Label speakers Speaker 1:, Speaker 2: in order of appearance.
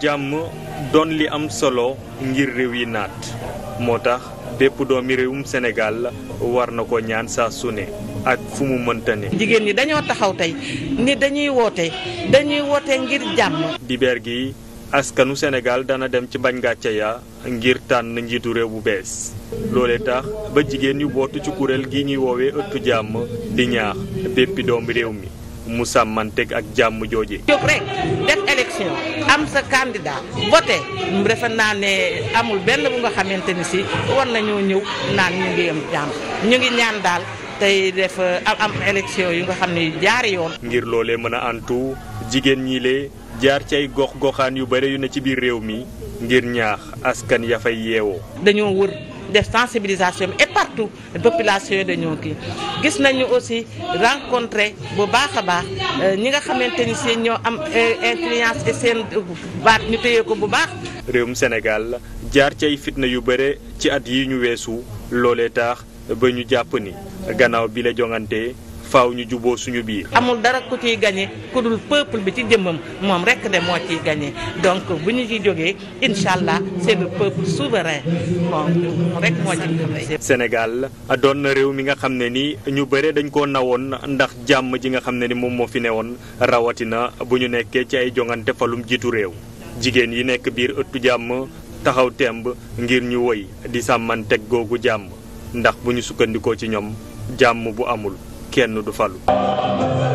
Speaker 1: jàmm doon li am solo ngir réew yi naat moo tax bépp doomi réewum Sénégal war na ko ñaan saa su ak fu mu mënta ne.
Speaker 2: jigéen ñi dañoo taxaw tey ni dañuy woote dañuy woote ngir jàmm.
Speaker 1: dibeer gi askanu senegal dana dem ci bañ gàcce ya ngir tànn njiitu réew bu bees loolee tax ba jigéen yu bootu ci kuréel gi ñuy woowee ëttu jàmm di ñaax béppi doomi réew mi mu sàmmanteeg ak jàmm jooje.
Speaker 2: jóg rek def élection. sa candidat voté defe naa ne amul benn bu nga xamante ni si war nañoo ñëw naan ñu ngi ñaan daal tey def am am élection yu nga xam ni jaar yoon.
Speaker 1: ngir loolee mën a antu jigéen ñi lee jaar ci ay gox goxaan yu bare yu ne ci biir réew mi ngir ñaax askan ya fay yeewoo. dañoo wër.
Speaker 2: def sensibilisation bi et partout population yi dañoo kii gis nañu aussi rencontré bu baax a baax euh, ñi nga xamante ni seen ñoo am euh, influence et seen baat ñu téye ko bu baax.
Speaker 1: réewum Sénégal jaar ci fitna yu bare ci at yi ñu weesu loole tax ba ñu jàpp ni gannaaw bi la joŋante. faaw ñu juboo suñu biir.
Speaker 2: amul dara ku ciy gagné ku dul bi ci jëmmam moom rek de moo ciy gagné donc bu ñu ciy jógee incha allah c'est
Speaker 1: le doon na réew mi nga xam ne ni ñu bëre dañ koo nawoon ndax jàmm ji nga xam ne ni moom moo fi woon rawatina bu ñu nekkee ci ay jongante falum jiitu réew jigéen yi nekk biir ëtt jàmm. taxaw temb ngir ñu woy di sàmmanteg googu jàmm ndax bu ñu sukkandikoo ci ñoom jàmm bu amul kenn du falu